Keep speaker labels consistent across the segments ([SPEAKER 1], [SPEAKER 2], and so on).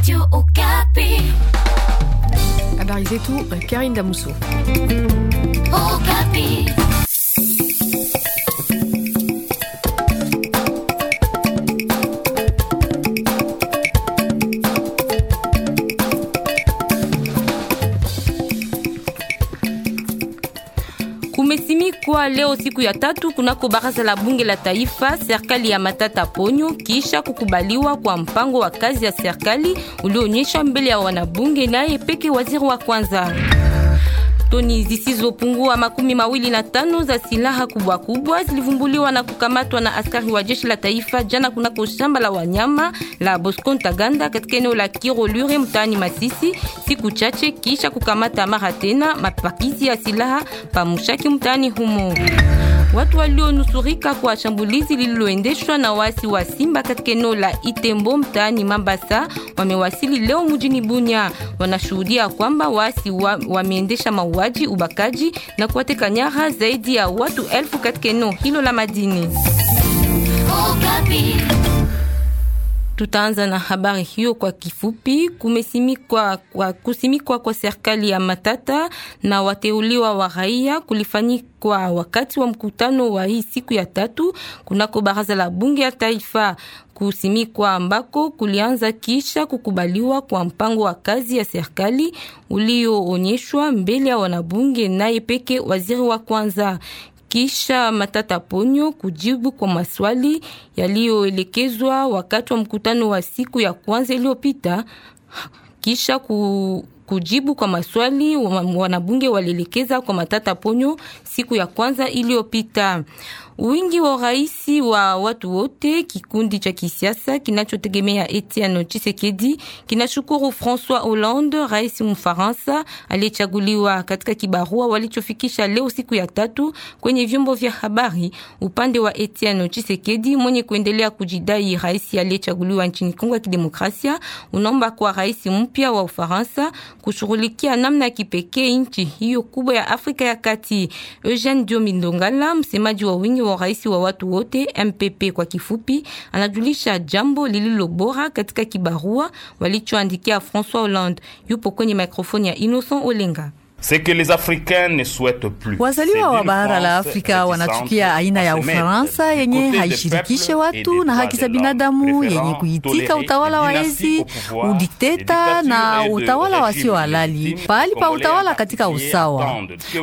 [SPEAKER 1] Radio Okapi.
[SPEAKER 2] Habari tout, Karine
[SPEAKER 1] Au capi. kumesimikwa leo siku ya tatu kunako baraza la bunge la taifa serikali ya Matata Ponyo kisha kukubaliwa kwa mpango wa kazi ya serikali ulionyesha mbele ya wanabunge, naye peke waziri wa kwanza toni zisizopungua makumi mawili na tano za silaha kubwa kubwa zilivumbuliwa na kukamatwa na askari wa jeshi la taifa jana kunako shamba la wanyama la Bosco Ntaganda katika eneo la Kirolure mtaani Masisi, siku chache kisha kukamata mara tena mapakizi ya silaha pa Mushaki mtaani humo. Watu walionusurika kwa shambulizi lililoendeshwa na wasi wa Simba katika eneo la Itembo mtaani Mambasa wamewasili leo mjini Bunya. Wanashuhudia kwamba wasi wameendesha wa mauaji, ubakaji na kuwateka nyara zaidi ya watu elfu katika eneo hilo la madini. Oh, Tutaanza na habari hiyo kwa kifupi. Kumesimikwa kwa kusimikwa kwa serikali ya Matata na wateuliwa wa raia kulifanyikwa wakati wa mkutano wa hii siku ya tatu kunako baraza la bunge ya taifa kusimikwa ambako kulianza kisha kukubaliwa kwa mpango wa kazi ya serikali ulioonyeshwa mbele ya wanabunge naye peke waziri wa kwanza kisha Matata Ponyo kujibu kwa maswali yaliyoelekezwa wakati wa mkutano wa siku ya kwanza iliyopita. Kisha ku, kujibu kwa maswali wanabunge walielekeza kwa Matata Ponyo siku ya kwanza iliyopita wingi wa urais wa watu wote. Kikundi cha kisiasa kinachotegemea Etienne Tshisekedi kinashukuru François Hollande, rais wa Ufaransa aliyechaguliwa, katika kibarua walichofikisha leo siku ya tatu kwenye vyombo vya habari. Upande wa Etienne Tshisekedi mwenye kuendelea kujidai rais aliyechaguliwa nchini Kongo ya Kidemokrasia, unaomba kwa rais mpya wa Ufaransa kushughulikia namna ya kipekee nchi hiyo kubwa ya Afrika ya Kati. Eugene Diomindongala, msemaji wa wingi wa wa rais wa watu wote MPP kwa kifupi, anajulisha jambo lililo bora katika kibarua walichoandikia Francois Hollande. Yupo kwenye mikrofoni ya Innocent Olenga. Wazaliwa wa bara la Afrika wanachukia
[SPEAKER 3] aina ya Ufaransa yenye haishirikishe watu na haki za binadamu, yenye kuitika utawala wa ezi, udikteta na utawala wasio halali pahali pa utawala katika usawa.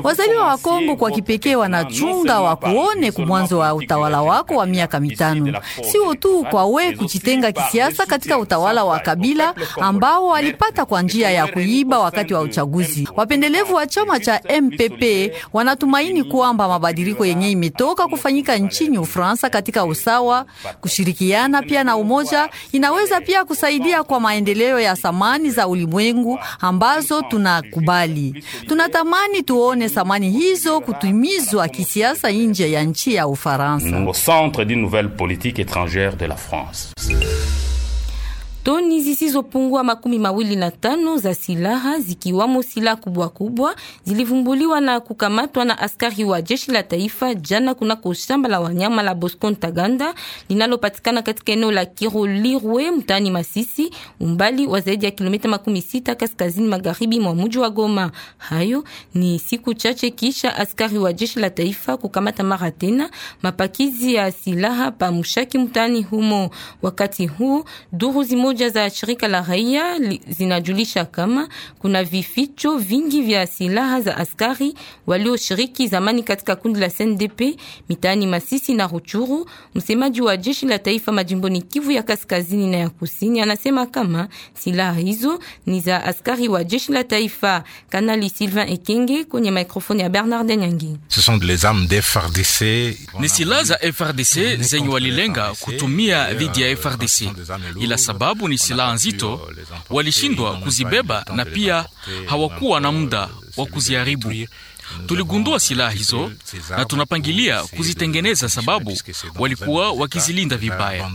[SPEAKER 3] Wazaliwa wa Kongo kwa kipekee wanachunga wa kuone kumwanzo wa utawala wako wa miaka mitano, sio tu kwa we kujitenga kisiasa katika utawala wa kabila ambao walipata kwa njia ya kuiba wakati wa uchaguzi. Wapendelevu Wakavu wa chama cha MPP wanatumaini kwamba mabadiliko yenye imetoka kufanyika nchini Ufaransa katika usawa, kushirikiana pia na umoja inaweza pia kusaidia kwa maendeleo ya samani za ulimwengu ambazo tunakubali. Tunatamani tuone samani hizo kutumizwa kisiasa nje ya nchi ya Ufaransa
[SPEAKER 1] toni zisizopungua makumi mawili na tano za silaha zikiwamo silaha kubwa kubwa zilivumbuliwa na kukamatwa na askari wa jeshi la taifa jana kunako shamba la wanyama la Bosco Ntaganda linalopatikana katika eneo la Kiro Lirwe mtaani Masisi, umbali wa zaidi ya kilomita makumi sita kaskazini magharibi mwa mji wa Goma. Hayo ni siku chache kisha askari wa jeshi la taifa kukamata mara tena mapakizi ya silaha pa Mushaki mtaani humo. Wakati huu duru zimoja moja za shirika la raia zinajulisha kama kuna vificho vingi vya silaha za askari walioshiriki zamani katika kundi la SNDP mitaani Masisi na Ruchuru. Msemaji wa jeshi la taifa majimboni Kivu ya kaskazini na ya kusini anasema kama silaha hizo ni za askari wa jeshi la taifa. Kanali Sylvain Ekenge kwenye mikrofoni ya Bernard Nyangi.
[SPEAKER 4] Ni silaha za FRDC zenye walilenga kutumia dhidi ya FRDC ila sababu sababu ni silaha nzito, walishindwa kuzibeba na pia hawakuwa na muda wa kuziharibu. Tuligundua silaha hizo na tunapangilia kuzitengeneza, sababu walikuwa wakizilinda vibaya,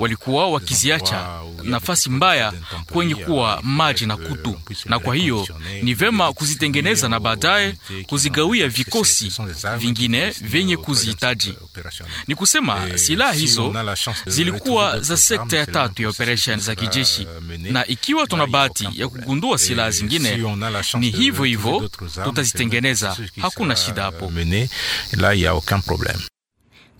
[SPEAKER 4] walikuwa wakiziacha nafasi mbaya kwenye kuwa maji na kutu, na kwa hiyo ni vema kuzitengeneza na baadaye kuzigawia vikosi vingine vyenye kuzihitaji. Ni kusema silaha hizo zilikuwa za sekta ya tatu ya operesheni za kijeshi, na ikiwa tuna bahati ya kugundua silaha zingine, ni hivyo hivyo tutazitengeneza kutekeleza. Hakuna shida hapo.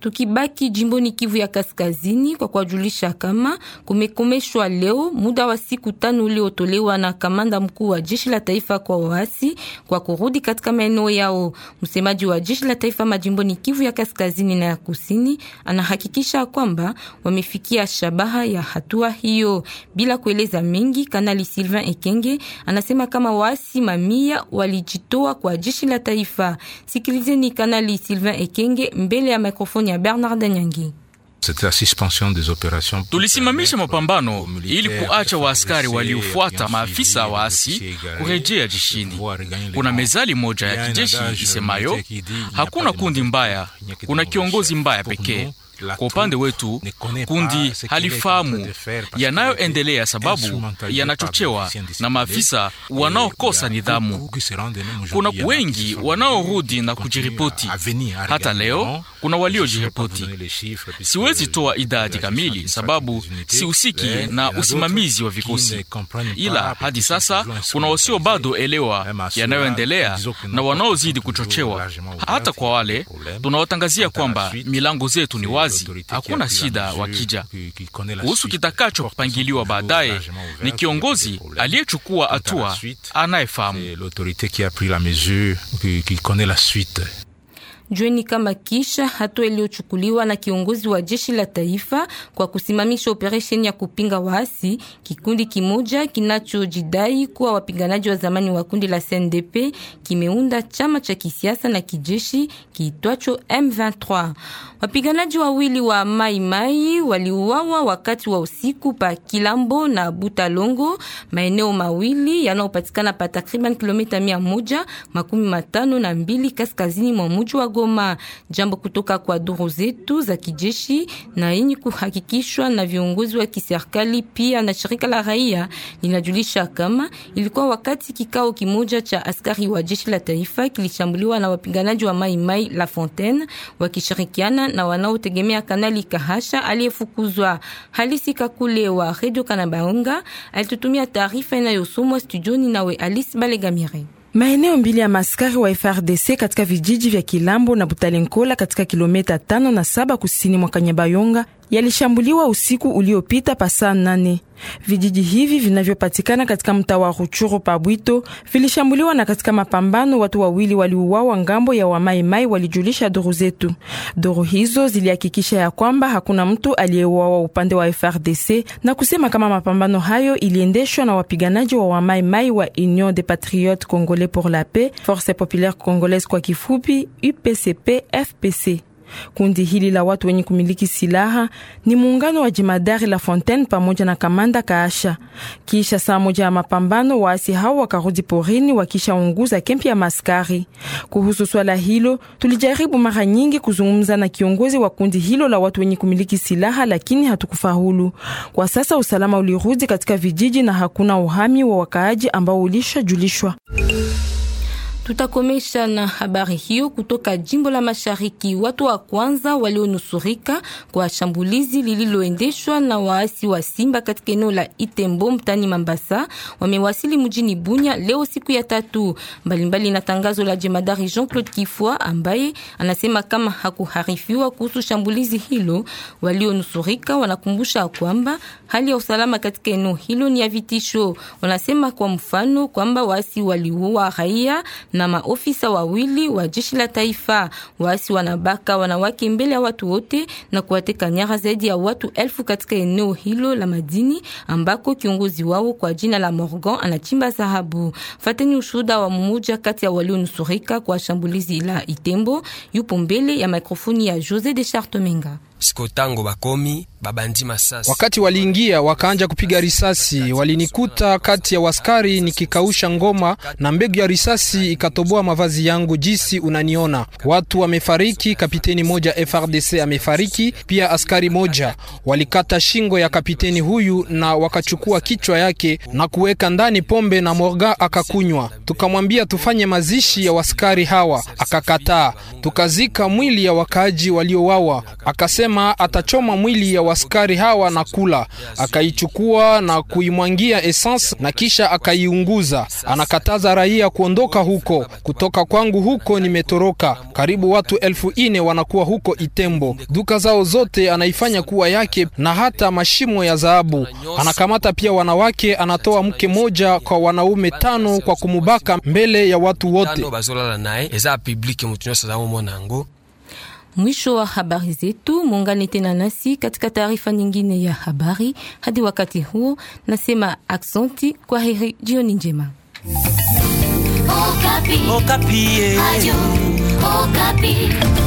[SPEAKER 1] Tukibaki jimboni Kivu ya Kaskazini kwa kuwajulisha kama kumekomeshwa leo muda wa siku tano uliotolewa na kamanda mkuu wa jeshi la taifa kwa waasi kwa kurudi katika maeneo yao. Msemaji wa jeshi la taifa majimboni Kivu ya Kaskazini na ya Kusini anahakikisha kwamba wamefikia shabaha ya hatua hiyo. Bila kueleza mengi, Kanali Sylvain Ekenge anasema kama waasi mamia walijitoa kwa jeshi la taifa. Sikilizeni Kanali Sylvain Ekenge mbele ya mikrofoni ya Bernard Nyangi.
[SPEAKER 4] Tulisimamisha mapambano ili kuacha waaskari waliofuata maafisa waasi kurejea jeshini. Kuna mezali moja ya kijeshi isemayo hakuna kundi mbaya, kuna kiongozi mbaya pekee. Kwa upande wetu kundi halifahamu yanayoendelea, sababu yanachochewa na maafisa wanaokosa nidhamu. Kuna wengi wanaorudi na kujiripoti. Hata leo kuna waliojiripoti. Siwezi toa idadi kamili, sababu sihusiki na usimamizi wa vikosi, ila hadi sasa kuna wasio bado elewa yanayoendelea na wanaozidi kuchochewa. Hata kwa wale tunawatangazia kwamba milango zetu ni wazi wazi, hakuna shida wakija. Kuhusu kitakachopangiliwa baadaye, ni kiongozi aliyechukua hatua anayefahamu.
[SPEAKER 1] Jueni kama kisha hatua iliyochukuliwa na kiongozi wa jeshi la taifa kwa kusimamisha operesheni ya kupinga waasi, kikundi kimoja kinachojidai kuwa wapiganaji wa zamani wa kundi la CNDP kimeunda chama cha kisiasa na kijeshi kiitwacho M23. Wapiganaji wawili wa Mai Mai waliuawa wakati wa usiku pa Kilambo na Butalongo, maeneo mawili yanayopatikana pa takriban kilomita mia moja makumi matano na mbili kaskazini mwa mji wa Goma, jambo kutoka kwa duru zetu za kijeshi na yenye kuhakikishwa na viongozi wa kiserikali pia na shirika la raia linajulisha kama ilikuwa wakati kikao kimoja cha askari wa jeshi la taifa kilishambuliwa na wapiganaji wa Mai Mai La Fontaine wakishirikiana na wanaotegemea Kanali Kahasha aliyefukuzwa. Halisi wa Radio Kanabaunga, alitutumia taarifa inayosomwa studioni nawe Alice Balegamire.
[SPEAKER 2] Maeneo mbili ya maskari wa FRDC katika vijiji vya Kilambo na Butalenkola katika kilomita tano na saba kusini mwa Kanyabayonga yalishambuliwa usiku uliopita pasaa nane. Vijiji hivi vinavyopatikana katika mtaa wa Ruchuru Pabwito vilishambuliwa na katika mapambano watu wawili waliuawa ngambo ya Wamaimai, walijulisha duru zetu. Duru hizo zilihakikisha ya kwamba hakuna mtu aliyeuawa upande wa FRDC na kusema kama mapambano hayo iliendeshwa na wapiganaji wa Wamaimai wa Union des Patriotes Congolais pour la Paix, Force Populaire Congolaise kwa kifupi UPCP FPC. Kundi hili la watu wenye kumiliki silaha ni muungano wa jemadari La Fontaine pamoja na kamanda Kaasha. Kisha saa moja ya mapambano, waasi hao wakarudi porini wakishaunguza kempi ya maskari. Kuhusu swala hilo, tulijaribu mara nyingi kuzungumza na kiongozi wa kundi hilo la watu wenye kumiliki silaha, lakini hatukufaulu. Kwa sasa usalama ulirudi katika vijiji na hakuna uhami wa wakaaji ambao ulishajulishwa.
[SPEAKER 1] Tutakomesha na habari hiyo kutoka jimbo la Mashariki. Watu wa kwanza walionusurika kwa shambulizi lililoendeshwa na waasi wa Simba katika eneo la Itembo mtani Mambasa wamewasili mjini Bunya leo siku ya tatu, mbalimbali na tangazo la jemadari Jean-Claude Kifwa ambaye anasema kama hakuharifiwa kuhusu shambulizi hilo. Walionusurika wanakumbusha kwamba hali ya usalama katika eneo hilo ni ya vitisho. Wanasema kwa mfano kwamba waasi waliua raia na maofisa wawili wa jeshi la taifa. Waasi wanabaka wanawake mbele ya watu wote na kuwateka nyara zaidi ya watu elfu katika eneo hilo la madini ambako kiongozi wao kwa jina la Morgan anachimba dhahabu. Fateni ushuhuda wa mmoja kati ya walionusurika kwa shambulizi la Itembo, yupo mbele ya mikrofoni ya Jose de Chartomenga
[SPEAKER 3] sikotango bakomi babandi masasi. Wakati waliingia wakaanja kupiga risasi, walinikuta kati ya waskari nikikausha ngoma na mbegu ya risasi ikatoboa mavazi yangu, jisi unaniona. Watu wamefariki, kapiteni moja FRDC amefariki, pia askari moja. Walikata shingo ya kapiteni huyu na wakachukua kichwa yake na kuweka ndani pombe na morga akakunywa. Tukamwambia tufanye mazishi ya waskari hawa, akakataa. Tukazika mwili ya wakaaji waliowawa, akasema akasema atachoma mwili ya waskari hawa na kula. Akaichukua na kuimwangia essence na kisha akaiunguza. Anakataza raia kuondoka huko. Kutoka kwangu huko nimetoroka, karibu watu elfu ine wanakuwa huko Itembo. Duka zao zote anaifanya kuwa yake na hata mashimo ya dhahabu. Anakamata pia wanawake, anatoa mke moja kwa wanaume tano kwa kumubaka mbele ya watu wote.
[SPEAKER 1] Mwisho wa habari zetu, muungane tena nasi katika taarifa nyingine ya habari. Hadi wakati huo, nasema aksanti, kwa heri, jioni njema.
[SPEAKER 4] Okapi. Okapi. Eh. Ayu, Okapi.